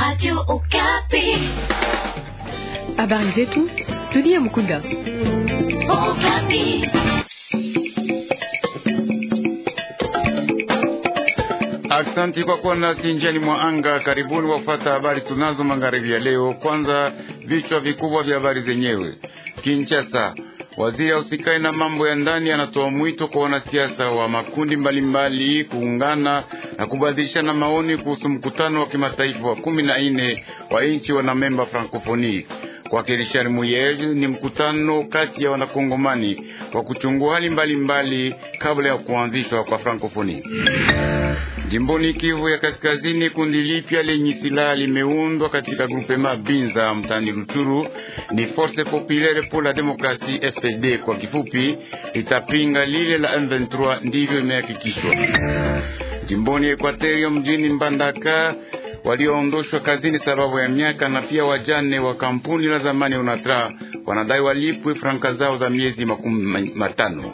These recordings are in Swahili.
Radio Okapi. Habari zetu dunia mkunda. Okapi. Asante kwa kuwa nasi njiani mwa anga. Karibuni wafata habari tunazo magharibi ya leo. Kwanza vichwa vikubwa vya habari zenyewe. Kinshasa Waziri usikae na mambo ya ndani anatoa mwito kwa wanasiasa wa makundi mbalimbali kuungana na kubadilishana maoni kuhusu mkutano wa kimataifa wa kumi na nne wa nchi wanamemba Francophonie. Wakilishani muyeli ni mkutano kati ya wanakongomani wa kuchungua hali mbalimbali kabla ya kuanzishwa kwa Frankofoni. Jimboni Kivu ya Kaskazini, kundi lipya lenye silaha limeundwa katika grupe Mabinza mtani Ruchuru, ni Force Populaire pour la Demokrasi, FPD kwa kifupi, litapinga lile la M23, ndivyo imehakikishwa. Jimboni Ekwaterio mjini Mbandaka walioondoshwa kazini sababu ya miaka na pia wajane wa kampuni la zamani Unatra wanadai walipwe franka zao za miezi makumi matano.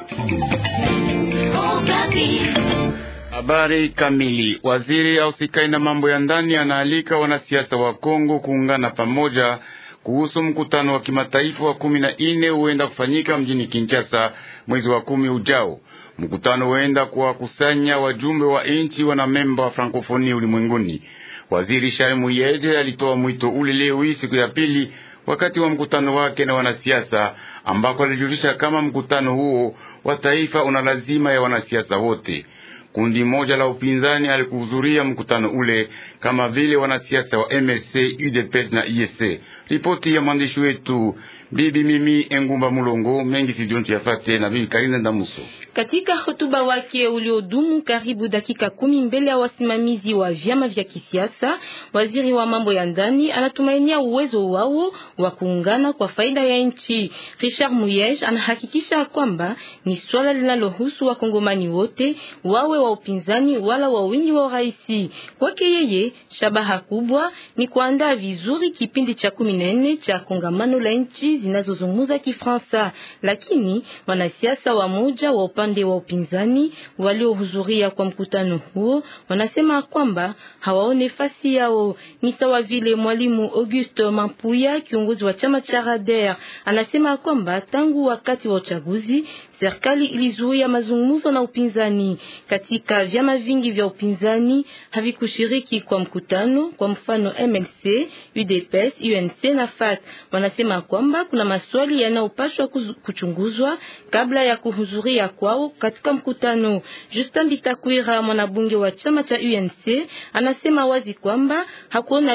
Habari kamili. Waziri ausikai na mambo ya ndani anaalika wanasiasa wa Kongo kuungana pamoja kuhusu mkutano wa kimataifa wa kumi na nne huenda kufanyika mjini Kinshasa mwezi wa kumi ujao. Mkutano huenda kuwakusanya wajumbe wa nchi wana memba wa Frankofoni ulimwenguni. Waziri Charles Muyede alitoa mwito ule leo siku ya pili wakati wa mkutano wake na wanasiasa, ambako alijulisha kama mkutano huo wa taifa una lazima ya wanasiasa wote. Kundi moja la upinzani alikuhudhuria mkutano ule kama vile wanasiasa wa MLC, UDPS na IEC. Ripoti ya mwandishi wetu Bibi Mimi Engumba Mulongo mengi sidiontu yafate na bibi Karina Ndamuso. Katika hotuba wake uliodumu karibu dakika kumi mbele ya wasimamizi wa vyama vya kisiasa, waziri wa mambo ya ndani anatumainia uwezo wao wa kuungana kwa faida ya nchi. Richard Muyej anahakikisha kwamba ni swala linalohusu wakongomani wote, wawe wa upinzani wala wa wingi wa rais. Kwake yeye, shabaha kubwa ni kuandaa vizuri kipindi cha 14 cha kongamano la nchi nchi zinazozungumza Kifransa, lakini wanasiasa wa moja wa upande wa upinzani waliohudhuria kwa mkutano huo wanasema kwamba hawaone fasi yao. Ni sawa vile mwalimu Auguste Mampuya, kiongozi wa chama cha Rader, anasema kwamba tangu wakati wa uchaguzi serikali ilizuia mazungumzo na upinzani. Katika vyama vingi vya upinzani havikushiriki kwa mkutano, kwa mfano MLC, UDPS, UNC na FAT wanasema kwamba kuna maswali yanayopaswa kuchunguzwa kabla ya kuhudhuria kwao katika mkutano. Justin Bitakwira, mwanabunge wa chama cha UNC, anasema wazi kwamba hakuona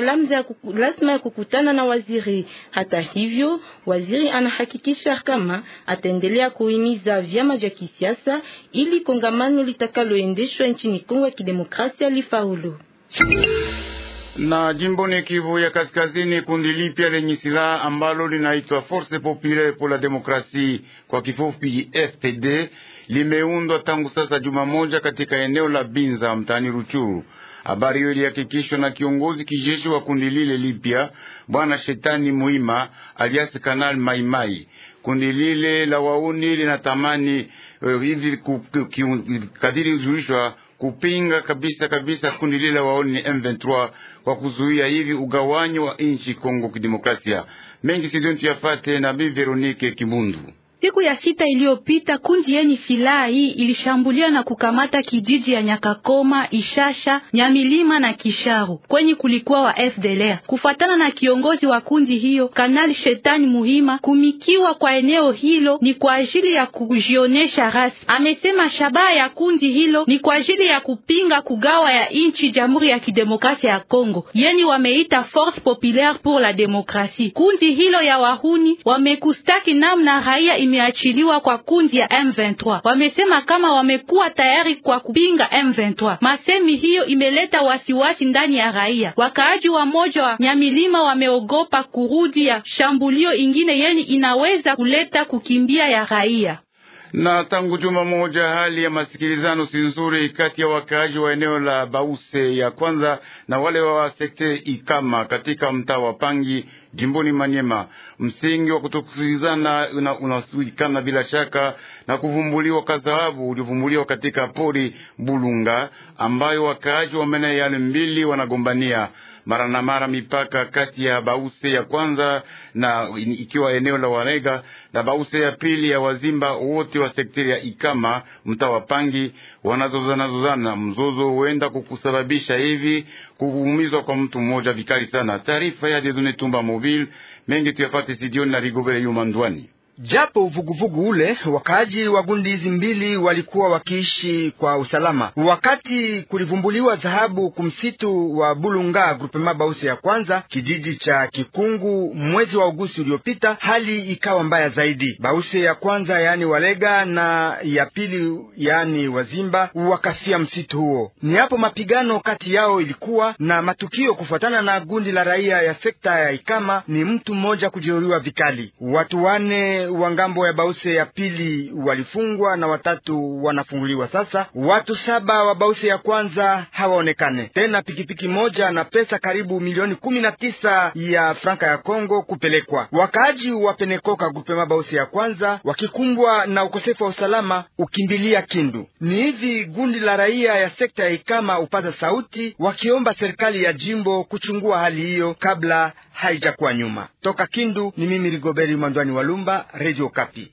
lazima ya kukutana na waziri. Hata hivyo, waziri anahakikisha kama ataendelea kuhimiza vyama vya kisiasa ili kongamano litakaloendeshwa nchini Kongo ya Kidemokrasia lifaulu na jimboni Kivu ya Kaskazini, kundi lipya lenye silaha ambalo linaitwa Force Populaire pour la Demokrasi, kwa kifupi FPD, limeundwa tangu sasa juma moja katika eneo la Binza mtaani Ruchuru. Habari hiyo ilihakikishwa na kiongozi kijeshi wa kundi lile lipya, Bwana Shetani Muima aliasi kanal Maimai kundi lile la wauni linatamani uh, eh, hivi kadiri kujulishwa kupinga kabisa kabisa kundi lile la wauni M23 kwa kuzuia hivi ugawanyo wa nchi Kongo Kidemokrasia. Mengi sidio tuyafate na Bi Veronique Kimundu. Siku ya sita iliyopita kundi yenye silaha hii ilishambulia na kukamata kijiji ya Nyakakoma, Ishasha, Nyamilima na Kisharu kwenye kulikuwa wa FDLR. Kufuatana na kiongozi wa kundi hiyo Kanali Shetani Muhima, kumikiwa kwa eneo hilo ni kwa ajili ya kujionyesha rasmi. Amesema shabaha ya kundi hilo ni kwa ajili ya kupinga kugawa ya nchi Jamhuri ya Kidemokrasia ya Kongo, yeni wameita Force Populaire pour la Demokrasie. Kundi hilo ya wahuni wamekustaki namna raia imeachiliwa kwa kundi ya M23. Wamesema kama wamekuwa tayari kwa kupinga M23. Masemi hiyo imeleta wasiwasi ndani ya raia. Wakaaji wa moja wa Nyamilima wameogopa kurudi ya shambulio ingine yeni inaweza kuleta kukimbia ya raia. Na tangu juma moja hali ya masikilizano si nzuri kati ya wakaaji wa eneo la Bause ya kwanza na wale wa sekte Ikama katika mtaa wa Pangi jimboni Manyema. Msingi wa kutukizana unasuikana una bila shaka na kuvumbuliwa kwa dhahabu uliovumbuliwa katika pori Bulunga ambayo wakaaji wa maeneo yale mbili wanagombania mara na mara mipaka kati ya Bause ya kwanza na ikiwa eneo la Warega na Bause ya pili ya Wazimba, wote wa sekteri ya Ikama mtaa wa Pangi wanazozanazozana. Mzozo huenda kukusababisha hivi kuumizwa kwa mtu mmoja vikali sana. Taarifa ya Jedone Tumba Mobile mengi tuyapate sidioni na Rigobere Yumandwani. Japo uvuguvugu ule, wakaaji wa gundi hizi mbili walikuwa wakiishi kwa usalama. Wakati kulivumbuliwa dhahabu kumsitu wa Bulunga grupema Bausi ya kwanza kijiji cha Kikungu mwezi wa Agosti uliopita, hali ikawa mbaya zaidi. Bausi ya kwanza yaani Walega na ya pili yaani Wazimba wakafia msitu huo. Ni hapo mapigano kati yao ilikuwa na matukio kufuatana na gundi la raia ya sekta ya Ikama, ni mtu mmoja kujeruhiwa vikali, watu wane wa ngambo ya Bause ya pili walifungwa na watatu wanafunguliwa sasa. Watu saba wa Bause ya kwanza hawaonekane tena. Pikipiki moja na pesa karibu milioni kumi na tisa ya franka ya Kongo kupelekwa. Wakaaji wa Penekoka grupema Bause ya kwanza wakikumbwa na ukosefu wa usalama ukimbilia Kindu. Ni hivi gundi la raia ya sekta ya Ikama upata sauti wakiomba serikali ya jimbo kuchungua hali hiyo kabla haijakuwa nyuma. Toka Kindu ni mimi Rigoberi Mwandwani wa Lumba, Radio Kapi.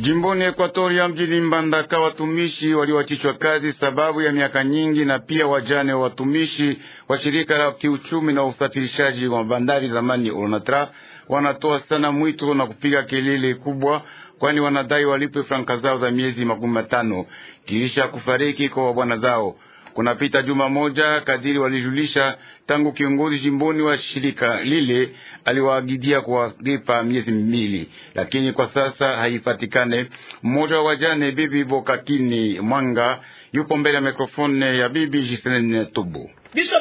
Jimboni Ekwatoria mjini Mbandaka, watumishi walioachishwa kazi sababu ya miaka nyingi na pia wajane wa watumishi wa shirika la kiuchumi na usafirishaji wa bandari zamani ornatra wanatoa sana mwito na kupiga kelele kubwa, kwani wanadai walipwe franka zao za miezi makumi matano kiisha kufariki kwa wabwana zao. Kunapita juma moja kadiri walijulisha tangu kiongozi jimboni wa shirika lile aliwaagidia kuwalipa miezi miwili, lakini kwa sasa haipatikane. Mmoja wa wajane Bibi Bokakini Mwanga yupo mbele ya mikrofone ya Bibi Jiseline Tubu. Sisi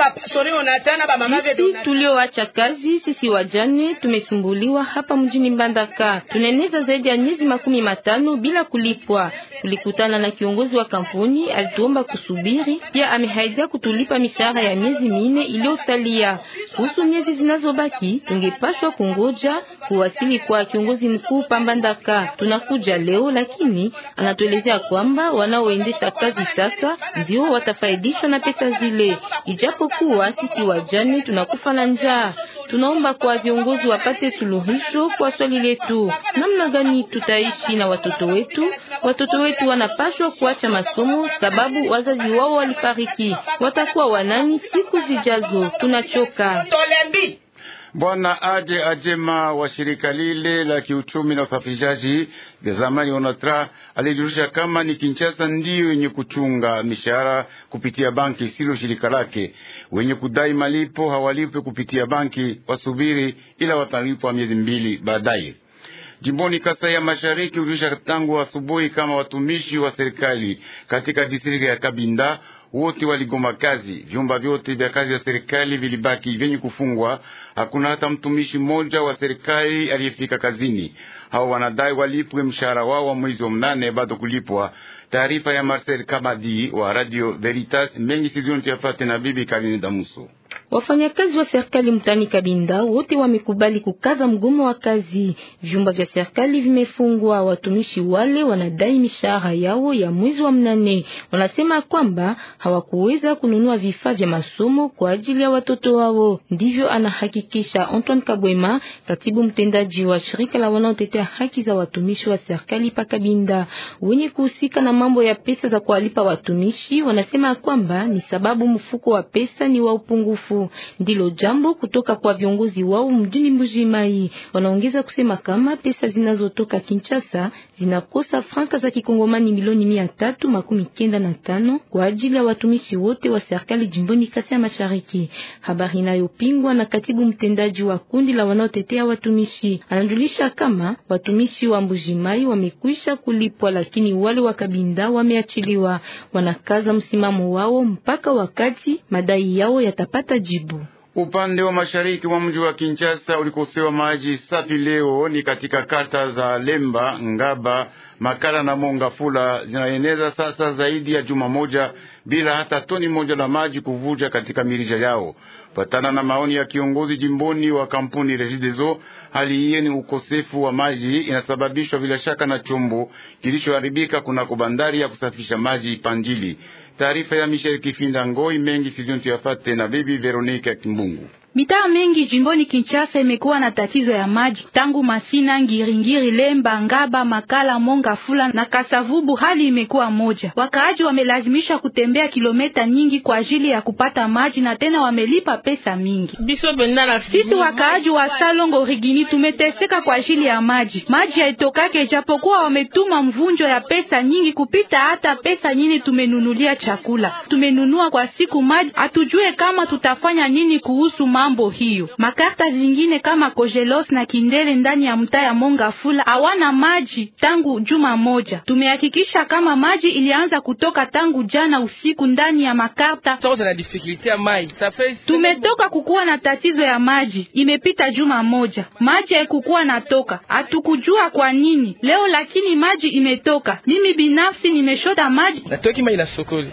tulioacha kazi, sisi wajane tumesumbuliwa hapa mjini Mbandaka. Tunaeneza zaidi ya miezi makumi matano bila kulipwa. Tulikutana na kiongozi wa kampuni, alituomba kusubiri, pia amehaidia kutulipa mishahara ya miezi minne iliyosalia. Kuhusu miezi zinazobaki, tungepaswa kungoja kuwasili kwa kiongozi mkuu pa Mbandaka. Tunakuja leo, lakini anatuelezea kwamba wanaoendesha kazi sasa ndio watafaidishwa na pesa zile japokuwa sisi wajani tunakufa na njaa. Tunaomba kwa viongozi wapate suluhisho kwa swali letu, namna gani tutaishi na watoto wetu. Watoto wetu wanapaswa kuacha masomo sababu wazazi wao walifariki. Watakuwa wanani siku zijazo? Tunachoka. Bwana Aje Ajema wa shirika lile la kiuchumi na usafirishaji vya zamani Onatra alijulisha kama ni Kinshasa ndiyo yenye kuchunga mishahara kupitia banki, silo shirika lake. Wenye kudai malipo hawalipe kupitia banki, wasubiri ila watalipwa miezi mbili baadaye. Jimboni Kasai ya Mashariki hujulisha tangu asubuhi kama watumishi wa serikali katika distrikti ya Kabinda wote waligoma kazi. Vyumba vyote vya kazi ya serikali vilibaki vyenye kufungwa. Hakuna hata mtumishi mmoja wa serikali aliyefika kazini. Hao wanadai walipwe mshahara wao wa mwezi wa mnane bado kulipwa. Taarifa ya Marcel Kamadi wa Radio Veritas mengi sizioni tuyafate na bibi Karine Damuso. Wafanyakazi wa serikali mtani Kabinda wote wamekubali kukaza mgomo wa kazi. Vyumba vya serikali vimefungwa. Watumishi wale wanadai mishahara yao ya mwezi wa mnane. Wanasema kwamba hawakuweza kununua vifaa vya masomo kwa ajili ya watoto wao. Ndivyo anahakikisha Antoine Kabwema, katibu mtendaji wa shirika la wanaotetea haki za watumishi wa serikali pa Kabinda. Wenye kuhusika na mambo ya pesa za kuwalipa watumishi wanasema kwamba ni sababu mfuko wa pesa ni wa upungufu. Ndilo jambo kutoka kwa viongozi wao mjini Mbujimai. Wanaongeza kusema kama pesa zinazotoka Kinshasa zinakosa franka za kikongomani milioni mia tatu makumi kenda na tano kwa ajili ya watumishi wote wa serikali jimboni Kasai ya Mashariki. Habari inayopingwa na katibu mtendaji wa kundi la wanaotetea watumishi anajulisha kama watumishi wa Mbujimai wamekwisha kulipwa, lakini wale wa Kabinda wameachiliwa. Wanakaza msimamo wao mpaka wakati madai yao yatapata jibu kujibu. Upande wa mashariki wa mji wa Kinshasa ulikosewa maji safi leo ni katika kata za Lemba, Ngaba, Makala na Mongafula zinaeneza sasa zaidi ya juma moja bila hata toni moja la maji kuvuja katika mirija yao. Patana na maoni ya kiongozi jimboni wa kampuni Regideso, hali hiyo ni ukosefu wa maji inasababishwa bila shaka na chombo kilichoharibika kunako bandari ya kusafisha maji Panjili. Taarifa ya Michel Kifinda Ngoi mengi sijontu yafate na bibi Veronika Kimbungu. Mitaa mingi jimboni Kinshasa imekuwa na tatizo ya maji tangu Masina, Ngiringiri, Lemba, Ngaba, Makala, Monga, Fula na Kasavubu. Hali imekuwa moja, wakaaji wamelazimisha kutembea kilomita nyingi kwa ajili ya kupata maji na tena wamelipa pesa mingi. Sisi wakaaji wa Salongo Rigini tumeteseka kwa ajili ya maji, maji haitokake, japokuwa wametuma mvunjo ya pesa nyingi kupita hata pesa nyingi tumenunulia chakula, tumenunua kwa siku maji. Hatujue kama tutafanya nini kuhusu maji mambo hiyo. Makarta zingine kama Kojelos na Kindele ndani ya mtaa ya Mongafula hawana maji tangu juma moja. Tumehakikisha kama maji ilianza kutoka tangu jana usiku ndani ya makarta. Tumetoka kukuwa na tatizo ya maji, imepita juma moja, maji haikukuwa natoka, hatukujua kwa nini leo, lakini maji imetoka. Mimi binafsi nimeshota maji.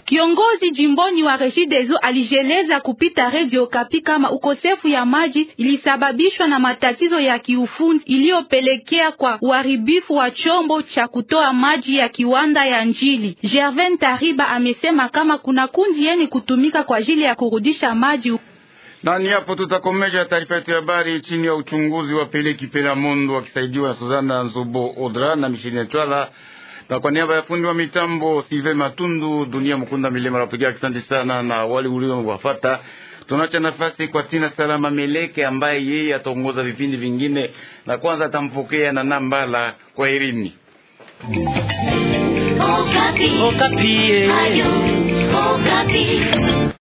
Kiongozi jimboni wa Regideso alijeleza kupita Radio Kapi kama uko ukosefu ya maji ilisababishwa na matatizo ya kiufundi iliyopelekea kwa uharibifu wa chombo cha kutoa maji ya kiwanda ya Njili. Gervain Tariba amesema kama kuna kundi yeni kutumika kwa ajili ya kurudisha maji na ni hapo tutakomesha taarifa yetu ya habari chini ya uchunguzi wa Pele Kipela Mondo akisaidiwa na Suzana Nzobo Odra na Mishine Twala, na kwa niaba ya fundi wa mitambo Sive Matundu, Dunia Mkunda Milema napigia asante sana na wale ulio wafata Tunacha nafasi kwa Tina Salama Meleke ambaye yeye ataongoza vipindi vingine, na kwanza atampokea na Nambala kwa Irini Okapi. Okapi. Eh. Ayu, Okapi.